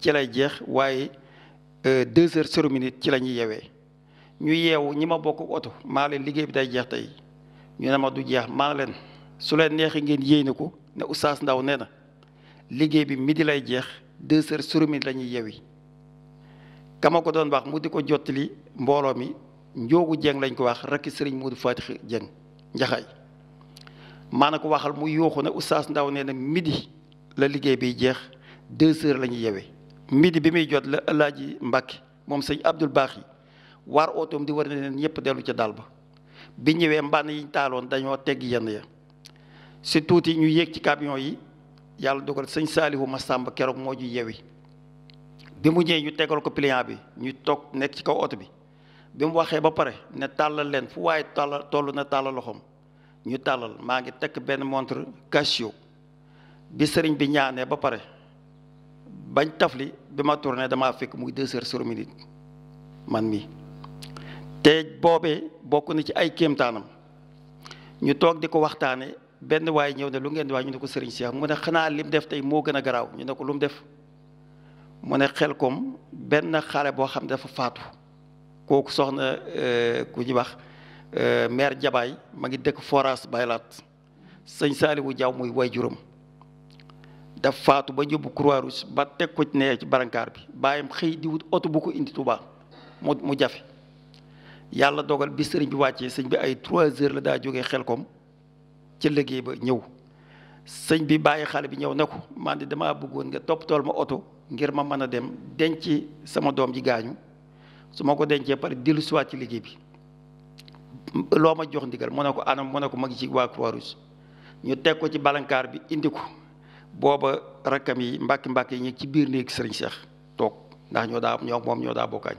Speaker 3: ci lay jeex waaye euh, deux heures zéro ci lañuy ñuy ñu yeewu ñi ma bokk oto maa leen liggéey bi day jeex tey ñu ne ma du jeex maa leen su leen neexee ngeen yéy na ko ne oustaz Ndaw nee na liggéey bi midi lay jeex deux heures zéro minute la ñuy yeewi ko doon wax mu di ko jottali mbooloo mi njoogu jeng lañ ko wax rakki sëriñ Modou Fatick jeng njaxaay maana ko waxal mu yuuxu ne oustaz Ndaw nee na midi la liggéey bi jeex deux heures la ñuy yewe midi bi muy jot la Alaaji Mbàkke moom sëñ Abdul Baax yi waar otoom di war ne leen ñëpp dellu ca daal ba bi ñëwee mbànn yiñ taaloon dañoo teg yenn ya si tuuti ñu yéeg ci camion yi yàlla dogal sëñ Saalihu sàmb keroog moo ju yewi bi mu ñëwee ñu tegal ko pliant bi ñu toog nekk ci kaw oto bi bi mu waxee ba pare ne tàllal leen fu waaye tàllal toll na tàllal loxoom ñu tàllal maa ngi tekk benn montre Casio bi sëriñ bi ñaanee ba pare bañ tafli bi ma tourné damaa fekk muy deux heures sur minute man mi te boobee bokk na ci ay kéemtaanam ñu toog di ko waxtaane benn waaye ñëw ne lu ngeen di ñu ne ko sëriñ Cheikh mu ne xanaa lim def tey moo gën a garaaw ñu ne ko lu def mu ne xel koom benn xaale boo xam ne dafa faatu kooku soxna euh, ku ñuy wax euh, maire Jabaay ma ngi dëkk forage Baylaat sëñ Saliou Diaw muy way juróom daf faatu ba yóbbu croix rouge ba teg ko ci ci barankaar bi bàyyam xëy di wut oto bu ko indi Touba mu mu jafe yàlla dogal bi sëriñ bi wàccee sëñ bi ay trois heures la daa jóge xel xelkom ci liggéey ba ñëw sëñ bi bàyyi xale bi ñëw na ko man de damaa bëggoon nga topp tool ma oto ngir ma mën a dem denc sama doom ji gaañu su ma ko dencee pare dellu siwaat ci liggéey bi loo ma jox ndigal mu ne ko anam mu ne ko mag ci waa croix ñu teg ko ci balankaar bi indi ko booba rakkam yi mbàkki mbàkki yi ñu ci biir néeg sëriñ seex toog ndax ñoo daa ñoo moom ñoo daa bokkaañ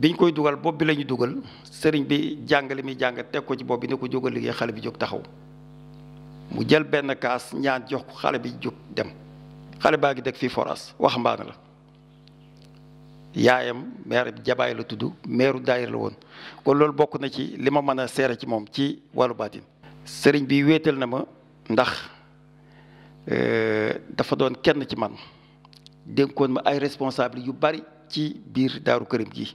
Speaker 3: biñ koy dugal bopp bi lañuy dugal sëriñ bi jàngale mi muy jàng teg ko ci bopp bi ne ko jógal liggéey xale bi jóg taxaw mu jël benn kaas ñaan jox ko xale bi jóg dem xale baa ngi dëkk fi foras waxambaane la yaayam maire jabaay la tudd meeru daayir la woon kon loolu bokk na ci li ma mën a seere ci moom ci wàllu baatin sëriñ bi wéetal na ma ndax Euh, dafa doon kenn ci man dénkoon ma ay responsable yu bari ci biir daaru këram gi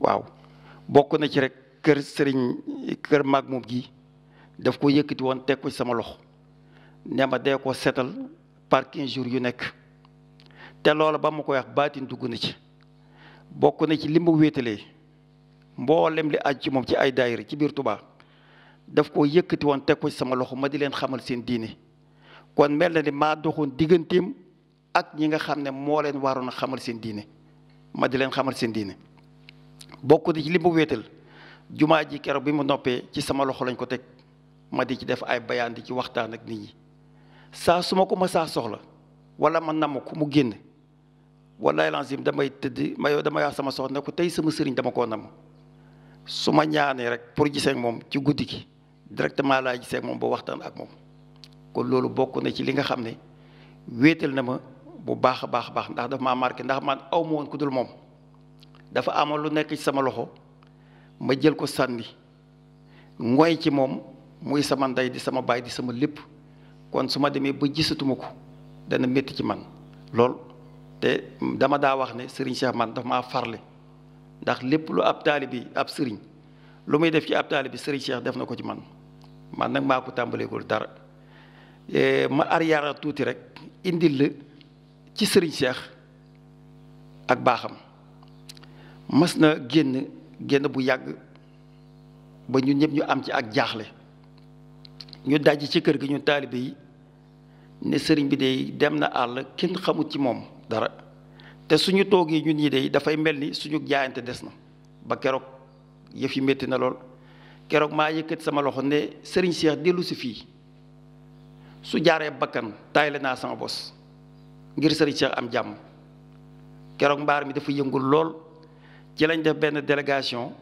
Speaker 3: waaw bokk na ci rek kër sëriñ kër mag moom gi daf ko yëkkati woon teg sama loxo ne ma dee ko seetal par jours yu nekk te loola ba ma koy wax baatin dugg na ci bokk na ci li ma wéetalee mboolem li aj ci moom ci ay daayira ci biir daf ko yëkkati woon teg ko ci sama loxo ma di leen xamal seen diine kon mel na ni maa doxoon digganteem ak ñi nga xam ne moo leen waroon a xamal seen diine ma di leen xamal seen diine bokk di ci li mu wéetal jumaa ji keroog bi mu noppee ci sama loxo lañ ko teg ma di ci def ay bayaan di ci waxtaan ak nit saa su ma ko ma saa soxla wala ma ko mu génn wala lancim damay tëdd may damay wax sama soxla ne ko tey sama sëriñ dama koo namm su ma ñaanee rek pour gisee moom ci guddi gi directement laa gisee ak moom ba waxtaan ak moom kon loolu bokk na ci li nga xam ne wéetal na ma bu baax a baax a baax ndax dafa maa marqué ndax man aw ma woon ku dul moom dafa amoon lu nekk ci sama loxo ma jël ko sànni ngoy ci moom muy sama ndey di sama baay di sama lépp kon su ma demee ba jisatuma ko dana métti ci man lool te dama daa wax ne sëriñ Cheikh man dafa ma farle ndax lépp lu ab taali bi ab sëriñ lu muy def ci ab taali bi sëriñ Cheikh def na ko ci man man nag maa ko tàmbaleegul dara Eh, ma arrière tuuti rek indil la ci sëriñ seex ak baaxam mas na génn génn bu yàgg ba ñu ñëpp ñu am ci ak jaaxle ñu daj ci kër gi ñu taalibe yi ne sëriñ bi de dem na àll kenn xamut ci moom dara te suñu toogee ñu ñi de dafay mel ni suñu jaayante des na ba keroog yëf yi métti na lool keroog maa yëkkat sama loxo ne sëriñ Cheikh dellu si fii su jaaree bakkan taayale naa sama bos ngir sëriñ Cheikh am jàmm keroog mbaar mi dafa yëngul lool ci lañ def benn délégation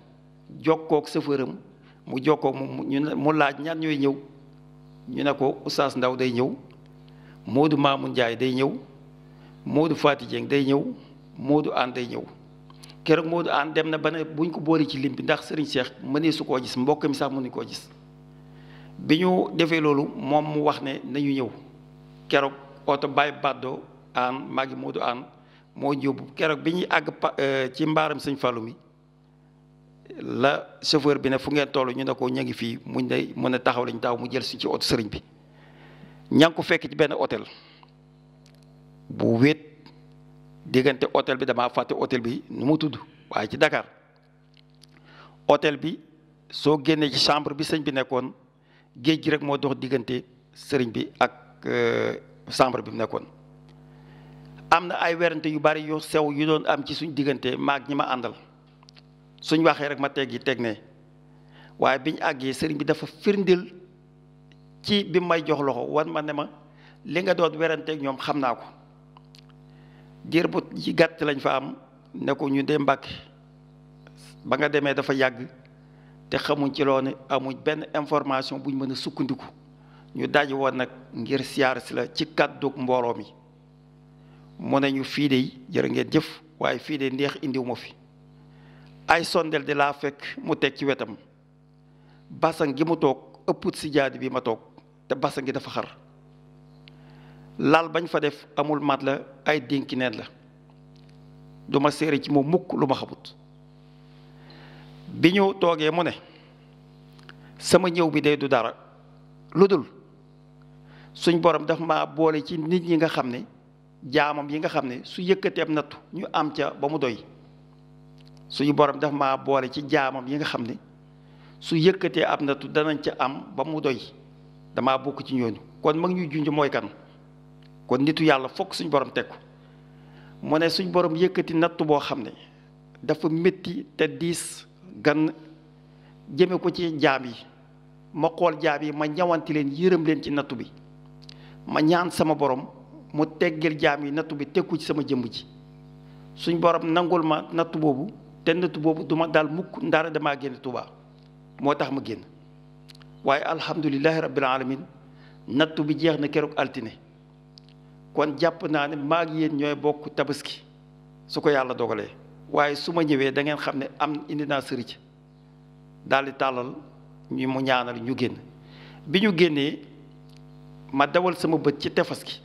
Speaker 3: jokkook sëfëram mu jokkook mu laaj ñaan ñooy ñëw ñu ne ko Oustaz Ndaw day ñëw Modou Mamoun Ndiaye day ñëw Modou Fati Dieng day ñëw Modou Anne day ñëw keroog Modou Anne dem na ba ne buñ ko boole ci lim bi ndax sëriñ Cheikh mënee su koo gis mbokk mi sax mënuñ koo gis bi ñu defee loolu moom mu wax ne nañu ñëw keroog oto Baye Baddo aan maa ngi Moodu aan moo jóbbu keroog bi ñu àgg euh, ci mbaaram sëñ Fallou mi la chauffeur bi ne fu ngeen toll ñu ne ko ña ngi fii muñ ne mën taxaw lañ daaw mu jël si ci oto sëriñ bi ña ngi fekk ci benn hôtel bu wéet diggante hôtel bi dama fàtte hôtel bi nu mu tudd waaye ci Dakar hôtel bi soo génnee ci chambre bi sëñ bi nekkoon géej gi rek moo dox diggante sëriñ bi ak euh, chambre bi mu nekkoon am na ay werante yu bari yu sew yu doon am ci suñ diggante maag ñi ma àndal suñ waxee rek ma teggi teg ne waaye biñ àggee sëriñ bi dafa firndil ci bi may jox loxo wan ma ne ma li nga doon weranteeg ñoom xam naa ko diir bu ci gàtt lañ fa am ne ñu dee mbàkk ba nga demee dafa yàgg te xamuñ ci loo ne amuñ benn information buñ mën a sukkandiku ñu daj woon nag ngir siyaar si la ci kàddug mbooloo mi mu ne ñu fii de jërë ngeen jëf waaye fii de ndeex indiw ma fi ay sondel di laa fekk mu teg ci wetam basan gi mu toog ëpput si jaadi bi ma toog te basan gi dafa xar laal bañ fa def amul mat la ay dénki la duma séere ci moom mukk lu ma bi ñu toogee mu ne sama ñëw bi day du dara lu dul suñ borom daf ma boole ci nit ñi nga xam ne jaamam yi nga xam ne su yëkkatee am nattu ñu am ca ba mu doy suñu borom daf ma boole ci jaamam yi nga xam ne su yëkkatee ab nattu danañ ca am ba mu doy damaa bokk ci ñooñu kon mag ñu junj mooy kan kon nitu yàlla fokk suñ borom teg mu ne suñ borom yëkkati nattu boo xam ne dafa métti te diis gan jëme ko ci jaam yi ma xool jaam yi ma ñawante leen yërëm leen ci nattu bi ma ñaan sama borom mu teggil jaam yi nattu bi tegu ci sama jëmm ji suñ borom nangul ma nattu boobu te nattu boobu duma daal mukk ndaara damaa génn Tuubaa moo tax ma génn waaye alhamdulilahi rabbil alamin nattu bi jeex na keroog altine kon jàpp naa ne maa ngi yéen ñooy bokk tabaski su ko yàlla dogalee waaye su ma ñëwee da ngeen xam ne am indi naa sëriñ daal di tàllal ñu mu ñaanal ñu génn bi ñu génnee ma dawal sama bët ci tefas gi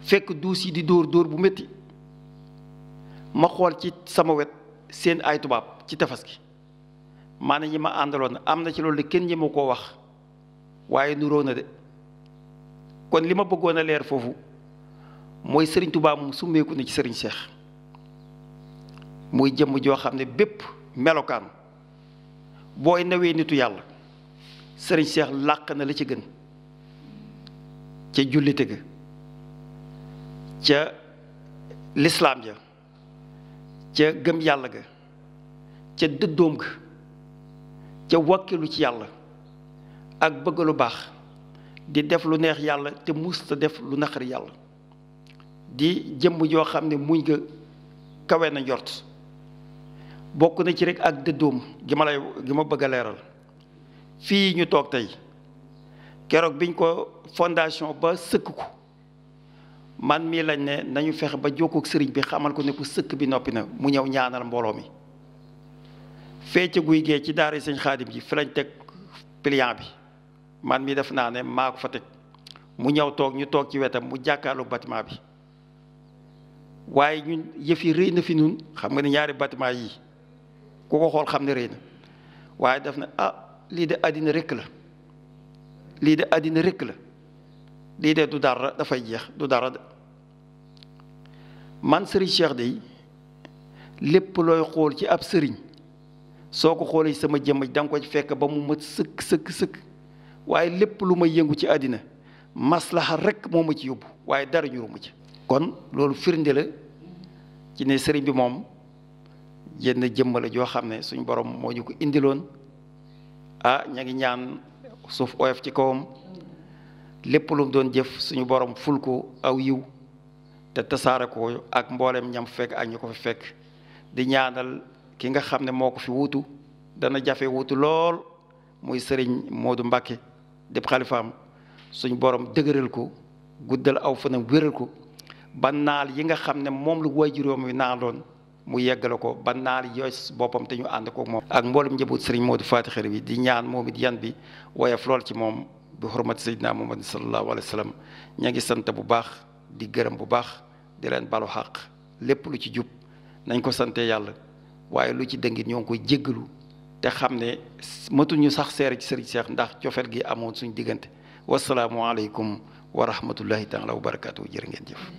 Speaker 3: fekk duus yi di dóor dóor bu métti ma xool ci sama wet seen ay tubaab ci tefes gi maanaam ñi ma àndaloon am na ci loolu de kenn ñi ma koo wax waaye nuroo na de kon li ma bëggoon a leer foofu mooy sëriñ tubaab mu summeeku na ci sëriñ seex muy jëmm joo xam ne bépp melokaan booy nawee nitu yàlla sëriñ seex làq na la ci gën ca jullite ga ca lislaam ja ca gëm yàlla ga ca dëddoom ga ca wàkkilu ci yàlla ak bëgg lu baax di def lu neex yàlla te musta def lu naqari yàlla di jëmm joo xam ne muñ nga kawe na njort bokk na ci rek ak dëddoom gi ma lay gi ma bëgg a leeral fii ñu toog tey keroog biñ ko fondation ba sëkk ko man mii lañ ne nañu fexe ba jokkoog sëriñ bi xamal ko ne ko sëkk bi noppi na mu ñëw ñaanal mbooloo mi fee ca guy gee ci daara sëñ xaadim ji fi lañ teg pliant bi man mi def naa ne maa ko fa teg mu ñëw toog ñu toog ci wetam mu jàkkaarloog bâtiment bi waaye ñun yëf yi na fi nun xam nga ne ñaari bâtiment yi ku ko xool xam ne rëy na waaye def na ah lii de àddina rekk la lii de àddina rekk la lii de du dara dafay jeex du dara de man sëriñ Cheikh de lépp looy xool ci ab sëriñ soo ko xoolee sama jëmm da nga ko fekk ba mu mat sëkk sëkk sëkk waaye lépp lu ma yëngu ci àddina maslaha rekk moo ma ci yóbbu waaye dara ñu rumu ci kon loolu firnde la ci ne sëriñ bi moom jënd jëmmala joo xam ne suñ borom moo ñu ko indiloon a ah, ña ngi ñaan suuf oyof ci kawam lépp lu doon jëf suñu borom ful ko aw yiw te tasaare ko ak mboolem ñam fekk ak ñu ko fekk di ñaanal ki nga xam ne moo ko fi wuutu dana jafe wuutu lool muy sëriñ moodu mbakke di xalifaam suñ borom dëgëral ko guddal aw fanam wéral ko ba naal yi nga xam ne moom lu waajuróom wi naaloon mu yeggale ko ba naal yooyu boppam te ñu ànd kook moom ak mboolum njëboot sëriñ di Faty Khary bi di ñaan moom it yan bi woyof lool ci moom bi xurmati sayyidina Muhammad sallallahu alayhi wa sallam ña ngi sant bu baax di gërëm bu baax di leen balu xaq lépp lu ci jub nañ ko sante yàlla waaye lu ci dëngit ñoo ngi koy jéggalu te xam ne matuñu sax seere ci sëriñ Seex ndax cofeel gi amoon suñu diggante wasalaamualeykum wa rahmatullahi taala wa barakaatu jërë ngeen jëf